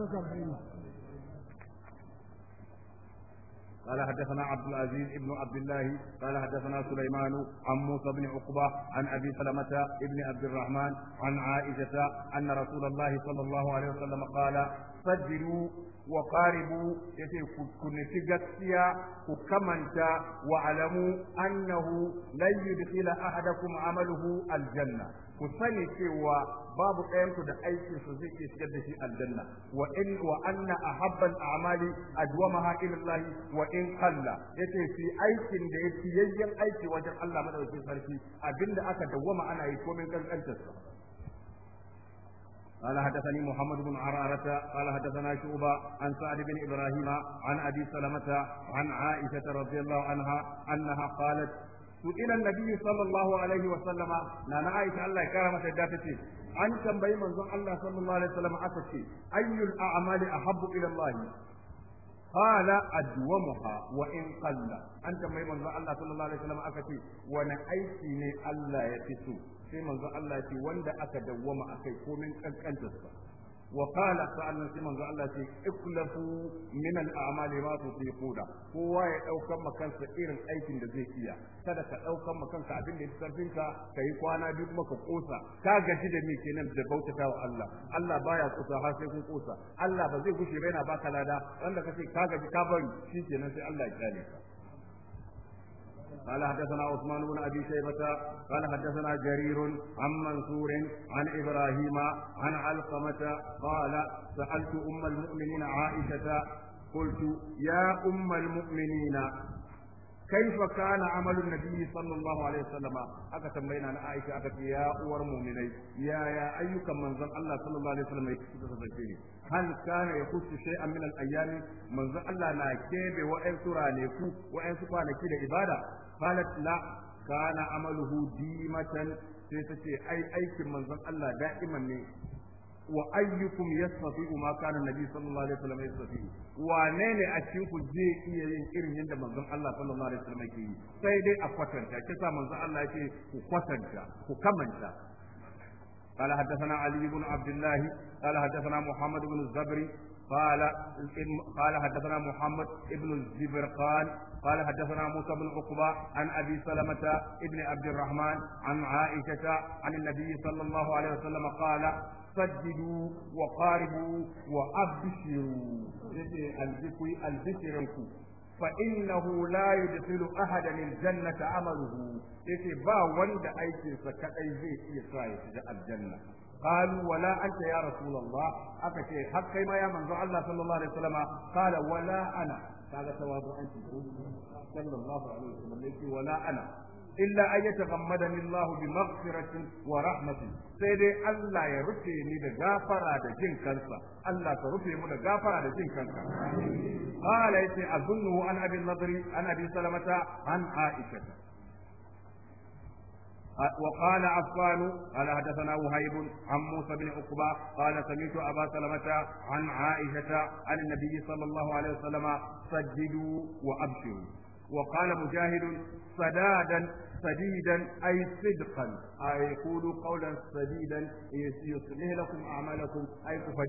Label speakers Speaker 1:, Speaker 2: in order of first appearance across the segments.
Speaker 1: مختصر حين قال حدثنا عبد العزيز ابن عبد الله قال حدثنا سليمان عن موسى بن عقبة عن أبي سلمة بن عبد الرحمن عن عائشة أن رسول الله صلى الله عليه وسلم قال sajiru wa qaribu yace ku nufi gaskiya ku kamanta wa alamu annahu lan yudkhila ahadakum amaluhu aljanna ku sani cewa babu ɗayan ku da aikin su zai ke shigar da shi aljanna wa in wa anna amali al'amali adwamaha ila Allah wa in qalla yace fi aikin da yake yayyan aiki wajen Allah madaukakin sarki abinda aka dawwama ana yi komai kankantar sa قال حدثني محمد بن عرارة قال حدثنا شعبة عن سعد بن إبراهيم عن أبي سلمة عن عائشة رضي الله عنها أنها قالت سئل النبي صلى الله عليه وسلم نانا عائشة الله كرمت الدافتي عن كم بيمن الله صلى الله عليه وسلم أتتي أي الأعمال أحب إلى الله قال أدومها وإن قل أنت ما يمنى الله صلى الله عليه وسلم أكتي ونأيتني الله يكسو sai manzo Allah ce wanda aka dawwama akai komin kankantarsa وقال سألنا سيمن قال الله اكلفوا من الأعمال ما تطيقون هو يأوكم مكان سئير الأيكين دزي إياه كذا كأوكم مكان سعبين لتسرفينك كي يقوانا بيكما كقوسا كاقا جدا ميكي نمز بوتكا الله الله بايا قوسا هاسي كن قوسا الله بزي قوشي بينا باكالا دا وانا كسي كاقا جكابري شيكي نسي الله يتاليك قال حدثنا عثمان بن أبي شيبة قال حدثنا جرير عن منصور عن إبراهيم عن علقمة قال سألت أم المؤمنين عائشة قلت يا أم المؤمنين كيف كان عمل النبي صلى الله عليه وسلم aka tambayina na Aisha aka ce ya uwar mu'minai ya ya ayyukan manzon Allah sallallahu alaihi wasallam yake suka kasance ne hal kana yakhussu shay'an min al-ayyam manzon Allah na kebe wa'ansu rane kwanaki da ibada qalat la kana amaluhu dimatan sai ta ce ai aikin manzon Allah da'iman ne wa ayyukum yastati'u ma kana nabi sallallahu alaihi wasallam yastati'u wane ne a cikin ku zai iya yin irin yadda manzon Allah sallallahu alaihi wasallam yake yi sai dai a kwatanta kisa manzon Allah yake ku kwatanta ku kamanta قال حدثنا علي بن عبد الله قال حدثنا محمد بن الزبري قال قال حدثنا محمد بن الزبرقان قال حدثنا موسى بن عقبة عن أبي سلمة ابن عبد الرحمن عن عائشة عن النبي صلى الله عليه وسلم قال سجدوا وقاربوا وأبشروا الذكر الذكركم فإنه لا يدخل أحدا الجنة عمله يتي با وند أيكي سكأي زي في الجنة قالوا ولا أنت يا رسول الله أكتي حقي ما يا منزع الله صلى الله عليه وسلم قال ولا أنا kaga tawadu'anci ko sallallahu alaihi wasallam wala ana illa an Allah bi maghfiratin wa rahmatin sai dai Allah ya rufe ni da gafara da jin kansa Allah ka rufe mu da gafara da jin kanka qala yace azunnu an abi nadri an abi salamata an aisha وقال عفان قال حدثنا وهيب عن موسى بن عقبة قال سمعت أبا سلمة عن عائشة عن النبي صلى الله عليه وسلم سجدوا وأبشروا وقال مجاهد سدادا سديدا أي صدقا أي يقول قولا سديدا يصلح لكم أعمالكم أي كفر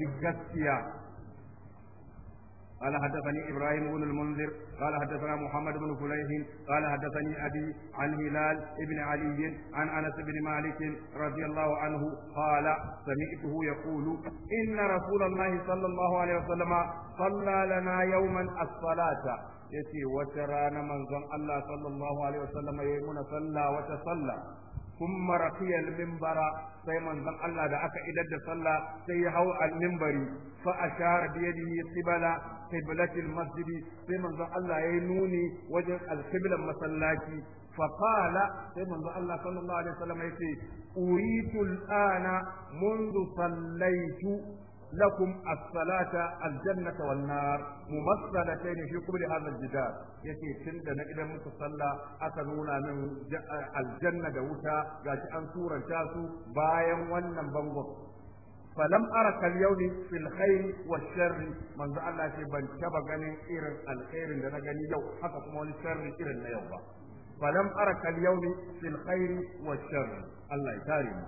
Speaker 1: قال حدثني ابراهيم بن المنذر قال حدثنا محمد بن فليح قال حدثني ابي عن هلال بن علي عن انس بن مالك رضي الله عنه قال سمعته يقول ان رسول الله صلى الله عليه وسلم صلى لنا يوما الصلاه yace wata rana manzon Allah sallallahu alaihi wasallam yayi muna sallah wata sallah ثم رقي المنبر sai manzon Allah da aka idar da sallah sai ya hau al-minbari فأشار بيده قبل قبلة المسجد ثم الله ينوني وجه القبلة مسلاتي فقال ثم الله صلى الله عليه وسلم يقول أريت الآن منذ صليت لكم الصلاة الجنة والنار ممثلتين في قبل هذا الجدار يتي تند نجد متصلى أتنونا من الجنة دوتا قاش أن سورة جاسو بايا ونن بنغط falam ara kal yawmi fil wa sharri manzo Allah ce ban taba ganin irin alkhairin da na gani yau haka kuma wani sharri irin na yau ba falam ara kal yawmi fil wa sharri Allah ya tare mu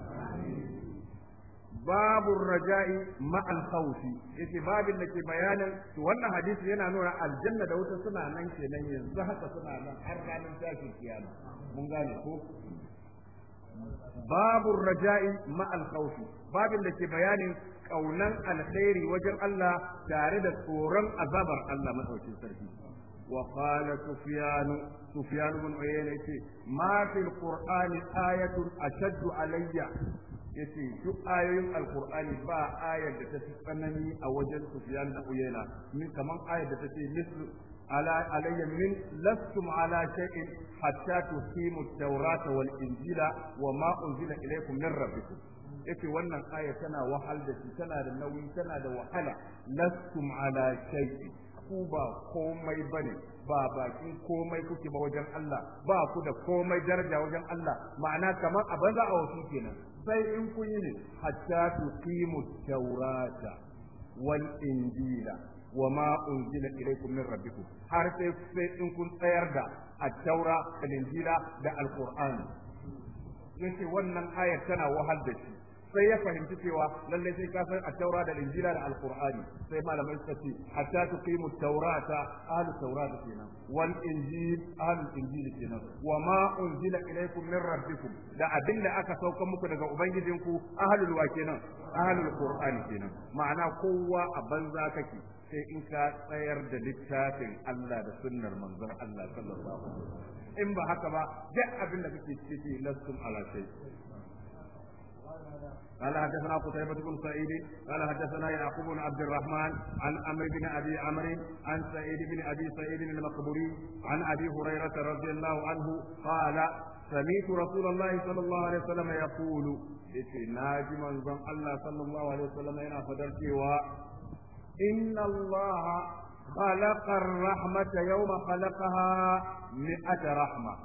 Speaker 1: babu raja'i ma'al khawfi yace babin da ke bayanin to wannan hadisi yana nuna aljanna da wuta suna nan kenan yanzu haka suna nan har ranar tashin kiyama mun gane ko babu raja'i ma alkhawfi babin da ke bayanin kaunan alkhairi wajen Allah tare da tsoron azabar Allah madaukakin sarki wa qala sufyan sufyan ibn uyayna yace ma fil qur'ani ayatun ashaddu alayya yace duk ayoyin alqur'ani ba ayar da ta tsanani a wajen sufyan da uyayna min kaman ayar da take mislu علي من لستم على شيء حتى تقيموا التوراة والإنجيل وما أنزل إليكم من ربكم yace wannan aya tana wahal da shi tana da nauyi tana da wahala lastum ala shay ku ba komai bane ba bakin komai kuke ba wajen Allah ba ku da komai daraja wajen Allah ma'ana kamar a banza a wasu kenan sai in kun yi ne hatta tuqimu tawrata wal injila wa ma unzila ilaykum min rabbikum har sai sai in kun tsayar da at-taura da injila da al quran yace wannan ayar tana wahal da shi sai ya fahimci cewa lallai sai ka san at-taura da injila da al al-qur'ani sai malamai suka ce hatta tuqimu at-taurata ahlu taurata kenan wal injil ahlu injil kenan wa ma unzila ilaykum min rabbikum da abin da aka sauka muku daga ubangijinku ahlul wa kenan ahlul qur'ani kenan ma'ana kowa a banza kake sai in ka tsayar da littafin Allah da sunnar manzon Allah sallallahu alaihi wasallam in ba haka ba duk abin da kake ciki lastum ala shay قال حدثنا قتيبة بن سعيد قال حدثنا يعقوب بن عبد الرحمن عن عمرو بن ابي عمرو عن سعيد بن ابي سعيد المقبري عن ابي هريرة رضي الله عنه قال سمعت رسول الله صلى الله عليه وسلم يقول ناجي من زم الله صلى الله عليه وسلم هنا فدرت إن الله خلق الرحمة يوم خلقها مئة رحمة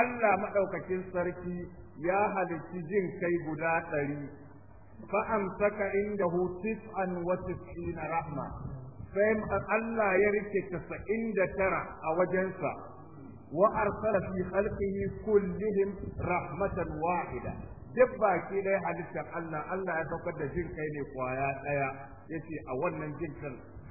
Speaker 1: الله مدوكك سركي ya halitti jin kai guda ɗari fa'amsaka inda hutis an wasu na rahma sai Allah ya rike tasa'in da tara a wajensa wa arsala fi khalqihi kullihim rahmatan wahida duk baki ɗaya halittar Allah Allah ya saukar da jin kai ne kwaya ɗaya yace a wannan jin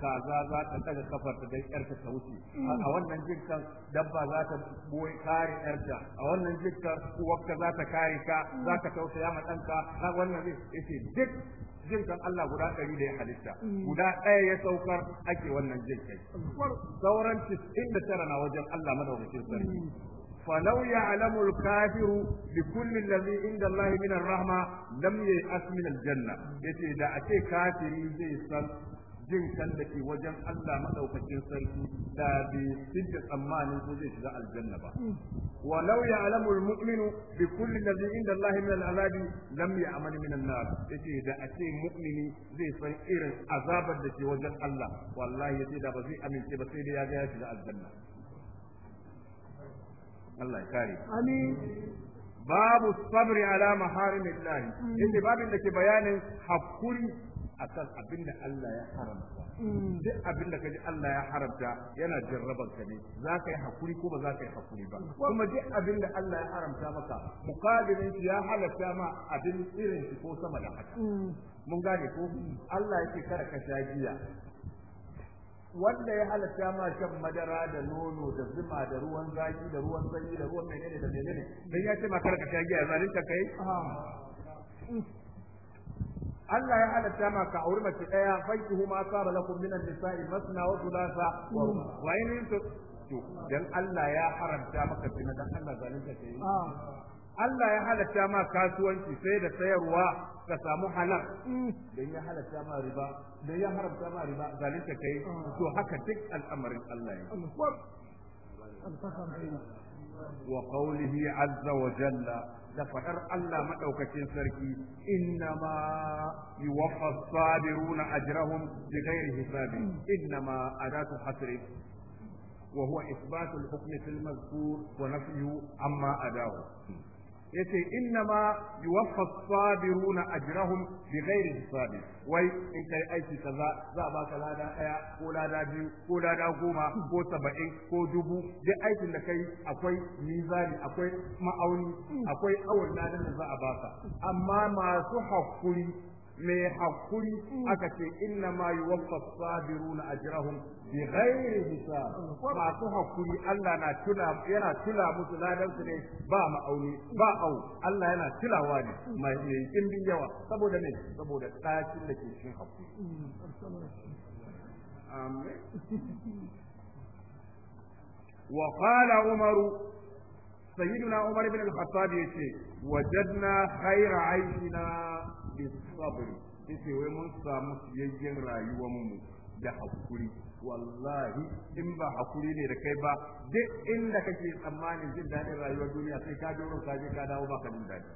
Speaker 1: kaza za ta daga kafar ta dai yarta ta wuce a wannan jinkan dabba za ta boye kare yarta a wannan jinkan uwarka za ta kare ka za ka tausaya ma danka a wannan zai yace duk jinkan Allah guda ɗari da ya halitta guda ɗaya ya saukar ake wannan jinkai sauran tara na wajen Allah madaukakin sarki فلو يعلم الكافر لكل الذي عند الله من الرحمة لم ييأس من الجنة يتي دا أتي كافر زي سن jin da ke wajen Allah madaukakin sarki da bai sidda tsammanin ko zai shiga aljanna ba Wa walau ya'lamu al-mu'minu bi kulli zai inda Allah min al'azabi lam ya'mal min an-nar yace da a ce mu'mini zai san irin azabar da ke wajen Allah wallahi yace da ba zai amince ba sai da ya ga ya shiga aljanna Allah ya kare amin babu sabri ala maharimillah yace babin da ke bayanin hakuri akan abinda Allah ya haramta mm. duk abinda kaji Allah ya haramta yana jarraban ka ne za ka yi hakuri ko ba za ka yi hakuri ba kuma duk abinda Allah ya haramta maka mukadirin shi ya halatta ma abin irin shi ko sama da haka mm. mun gane ko Allah yake kada ka sha giya wanda ya halatta ma shan madara da nono da zuma da ruwan zaki da ruwan sanyi da ruwan menene da menene dan ya ce ma kada ka sha giya zalunta kai Allah ya halatta maka ka auri mace daya fankihu ma saba lakum minan nisa'i masna wa thulatha wa ruba wa in to dan Allah ya haramta maka zina dan Allah zalunta kai ah. Allah ya halatta maka kasuwanci sai da sayarwa ka samu halal mm. dan ya halatta maka riba dan ya haramta ma riba zalunta kai ah. to haka duk al'amarin Allah ya وقوله عز وجل لفتر الله مدوكتين سركي إنما يوفى الصابرون أجرهم بغير حساب إنما أداة حسر وهو إثبات الحكم في المذكور ونفيه عما أداه yace inna ma yuwaffa sabiruna ajrahum bi hisabi wai in kai aiki kaza za a baka lada daya ko lada biyu ko lada goma ko saba'in ko dubu duk aikin da kai akwai mizani akwai ma'auni akwai awon ladan da za a baka amma masu hakuri mai hakuri aka ce inna ma yuwaffa sabiruna ajrahum bi ghairi hisab masu hakuri Allah na tula yana tula musu ladan su ne ba auni ba au Allah yana tilawa ne mai bin yawa saboda me saboda tsakin da ke cikin hakuri amin wa qala umaru sayyiduna umar ibn al-khattab yace wajadna khayra aishina bis sabr yace wai mun samu siyayyen rayuwar mu da hakuri wallahi in ba hakuri ne da kai ba duk inda kake tsammanin jin daɗin rayuwar duniya sai ka doro ka je ka dawo ba ka jin daɗi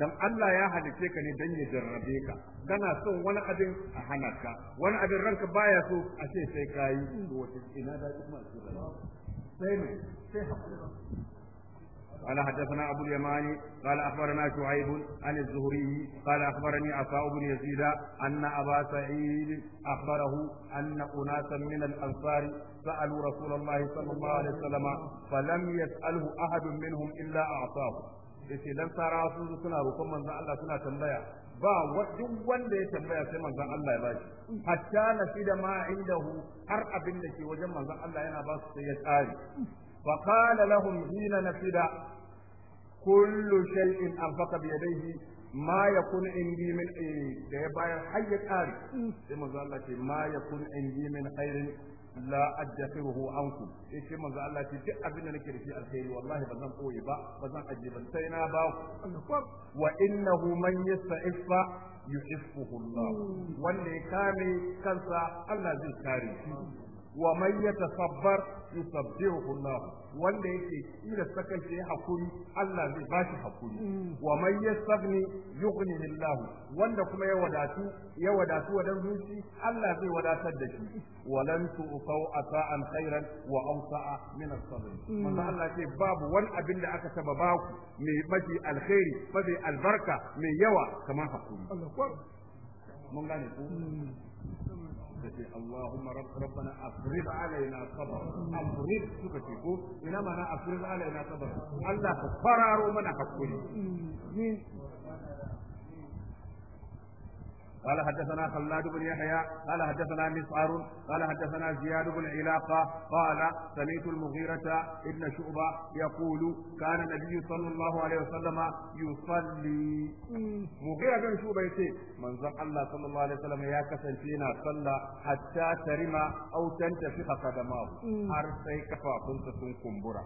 Speaker 1: dan Allah ya halice ka ne dan ya jarrabe ka kana son wani abin a hana ka wani abin ranka baya so a ce sai ka yi wata ina da kuma sai ne sai hakuri قال حدثنا أبو اليماني قال أخبرنا شعيب عن الزهري قال أخبرني عطاء بن يزيد أن أبا سعيد أخبره أن أناسا من الأنصار سألوا رسول الله صلى الله عليه وسلم فلم يسأله أحد منهم إلا أعطاه yace dan sara su suna roƙon manzon Allah suna tambaya ba duk wanda ya tambaya sai manzon Allah ya bashi hatta da ma indahu har abin da ke wajen manzan Allah yana ba su sai ya tsari. فقال لهم حين نفد كل شيء أنفق بيديه ما يكون عندي من إيه ده باير حي الآن كما قال ما يكون عندي من خير la addafiruhu ankum yace manzo Allah ce duk abin da nake da shi alheri wallahi bazan koyi ba bazan aje ban sai na ba wa innahu man yasta'ifa yu'iffuhu Allah wanda ya kame kansa Allah zai kare wa man yatasabbar yusabbihu Allah wanda yake kila sakan sai hakuri Allah zai bashi hakuri mm. wa man yastaghni yughni Allah wanda kuma ya wadatu ya wadatu wadan zuci Allah zai wadatar da shi walan tu'tau asa'an khairan wa awsa'a min as-sabr mm. manzo Allah ce babu wani abin da aka taba baku mai mafi alkhairi mafi albarka mai yawa kamar hakuri mun gane ko mm. kace Allahumma rabbana afrid alaina sabr suka ce ko ina mana afrid alaina sabr Allah ka fararo mana hakuri mm, mm. قال حدثنا خلاد بن يحيى قال حدثنا مسعر قال حدثنا زياد بن علاقة قال سمعت المغيرة ابن شعبة يقول كان النبي صلى الله عليه وسلم يصلي مغيرة بن شعبة يقول من زق الله صلى الله عليه وسلم يا كسنتينا صلى حتى ترم أو تنتفخ قدماه أرسي كفا كنت سنكم برا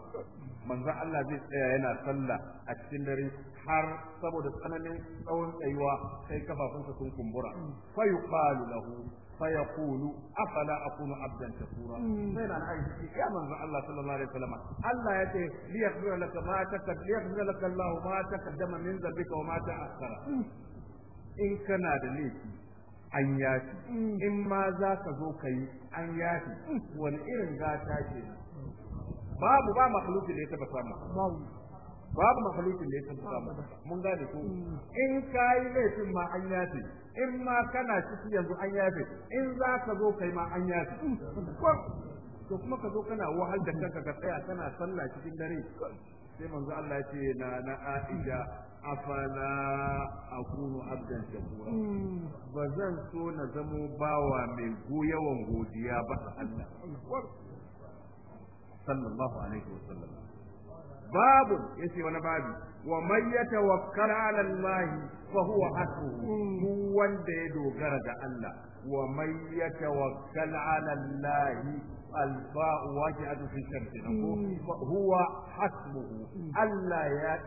Speaker 1: من زق الله زي yana sallah a cikin dare har saboda tsananin tsawon tsayuwa sai kafafunsa sun kumbura mm. fa yuqalu lahu fa yaqulu afala kunu abdan shakura mm. sai na aiki ya manzo Allah sallallahu alaihi wasallam Allah ya ce liyar yaghfira laka ma taqaddama li yaghfira laka Allah ma taqaddama min dhanbika wa ma ta ta'akhkhara mm. in kana da laifi an yafi in ma za ka zo ka yi an yafi wani irin gata ke babu ba makhluki da ya taba samu babu makhlukin da yake tuntuka mun gane ko in kai ne laifin ma an yafe in ma kana ciki yanzu an yafe in za ka zo kai ma an yafe to kuma ka zo kana wahal da kanka ka tsaya kana sallah cikin dare sai manzo Allah ya ce na na aida afala akunu abdan shakura ba zan so na zamo bawa mai goyawan godiya ba Allah sallallahu alaihi wasallam babu yace wani babu wa man yatawakkal ala fa huwa hasbuhu wanda ya dogara ga Allah wa man yatawakkal ala hmm. Allah الفاء واجهة في الشمس هو حسبه ألا يا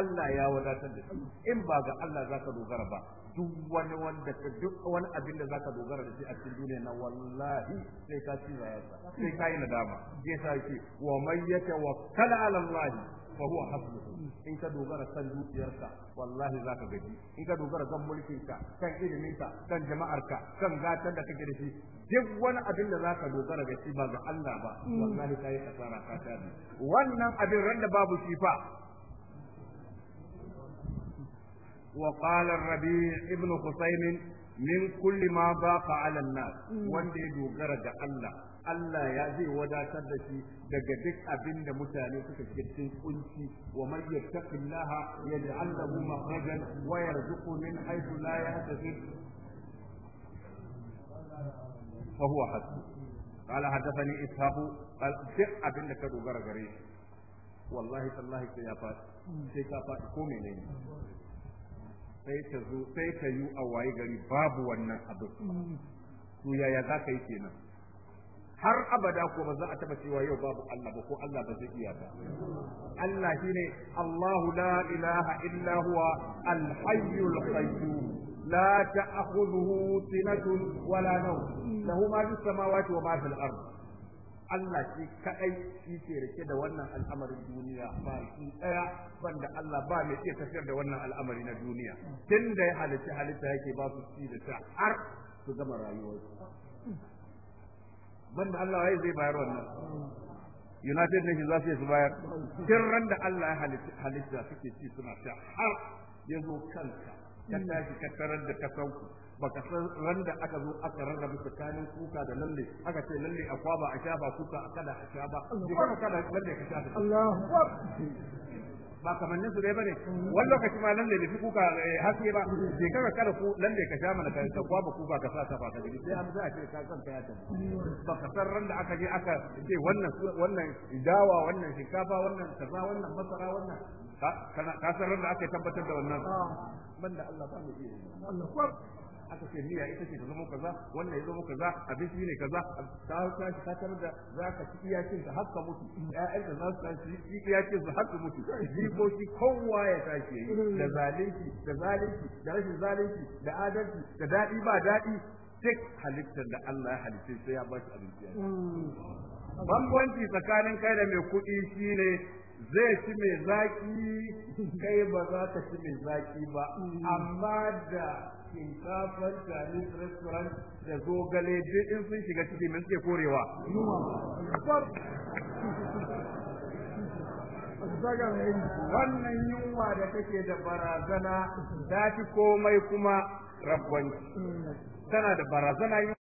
Speaker 1: Allah ya wadatar da shi in ba ga Allah za ka dogara ba duk wani wanda ka duk wani abin da zaka dogara da shi a cikin duniya na wallahi sai ka ci zayarsa sai ka yi nadama je sa yake wa man yatawakkala ala Allah fa huwa hasbuhu in ka dogara kan ka wallahi zaka gaji in ka dogara kan ka kan ka kan ka kan gatan da kake da shi duk wani abin da zaka dogara da shi ba ga Allah ba wallahi kai kasara ka tabi wannan abin randa babu shi fa وقال الربيع ابن خصيم من كل ما ضاق على الناس وندي دوغرة الله Allah ya zai wadatar da shi daga duk abin mutane suka cikin kunci wa man yattaqillaha yaj'al lahu makhrajan wa yarzuqhu min haythu la yahtasib قال حدثني اسحاق قال duk abin da ka dogara gare shi wallahi tallahi sai ya faɗi sai ka faɗi ko sai ta zo sai ta yi a waye gari babu wannan abin to yaya za ka yi kenan har abada ko ba za a taba cewa yau babu Allah ba ko Allah ba zai iya ba Allah shine Allahu la ilaha illa huwa al-hayyul qayyum لا تأخذه سنة ولا نوم له ما في السماوات وما في Allah shi kaɗai shi ke rike da wannan al'amarin duniya ba shi ɗaya banda Allah ba mai iya tafiyar da wannan al'amari na duniya tun da ya halitta halitta yake ba su ci da ta har su gama rayuwarsu banda Allah ya zai bayar wannan United Nations za su yi su bayar ran da Allah ya halitta suke ci suna sha har ya zo kanka ka tashi ka tarar da kasanku baka san ran da aka zo aka rarrabe tsakanin kuka da lalle aka ce lalle a kwaba a sha ba kuka a kada a sha ba kuma kada lalle ka sha Allahu ba kamannin su dai bane wani lokaci ma lalle da fi kuka eh, haske ba je kaga kada ku lalle ka sha mana ka ta kwaba kuka ka sa ta ba ka sai an za a ce ka san ka ya ta ba ka san ran da aka je aka ce wannan wannan dawa wannan shinkafa wannan kaza wannan masara wannan ka san ran da aka tabbatar da wannan banda Allah ba mu iya Allah aka ce miya ita ce ta zama kaza wannan ya zama kaza abinci ne kaza ta tashi ka tarar da za ka ci iyakin ta haka mutu ya'yan da za su tashi iyakin su haka mutu jikoki kowa ya tashi da zalunci da zalunci da rashin zalunci da adalci da daɗi ba daɗi duk halittar da Allah ya halitta sai ya ba shi abinci bambanci tsakanin kai da mai kuɗi shi ne zai ci mai zaki kai ba za ka ci mai zaki ba amma da shinkafar Chinese restaurant da zogale duk in sun shiga ciki min suke korewa. Wannan yunwa da take da barazana ta fi komai kuma rabbanci. Tana da barazana